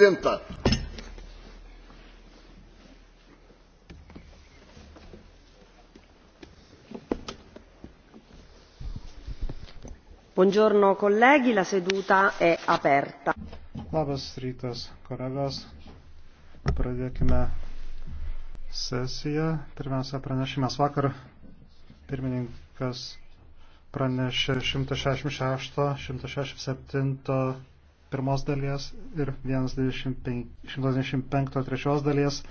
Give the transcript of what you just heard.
presidenta. Buongiorno colleghi, la seduta è aperta. Labas rytas, kolegos. Pradėkime sesiją. Pirmiausia, pranešimas vakar. Pirmininkas pranešė 166, 167 pirmos dalies ir 125 trečios dalies.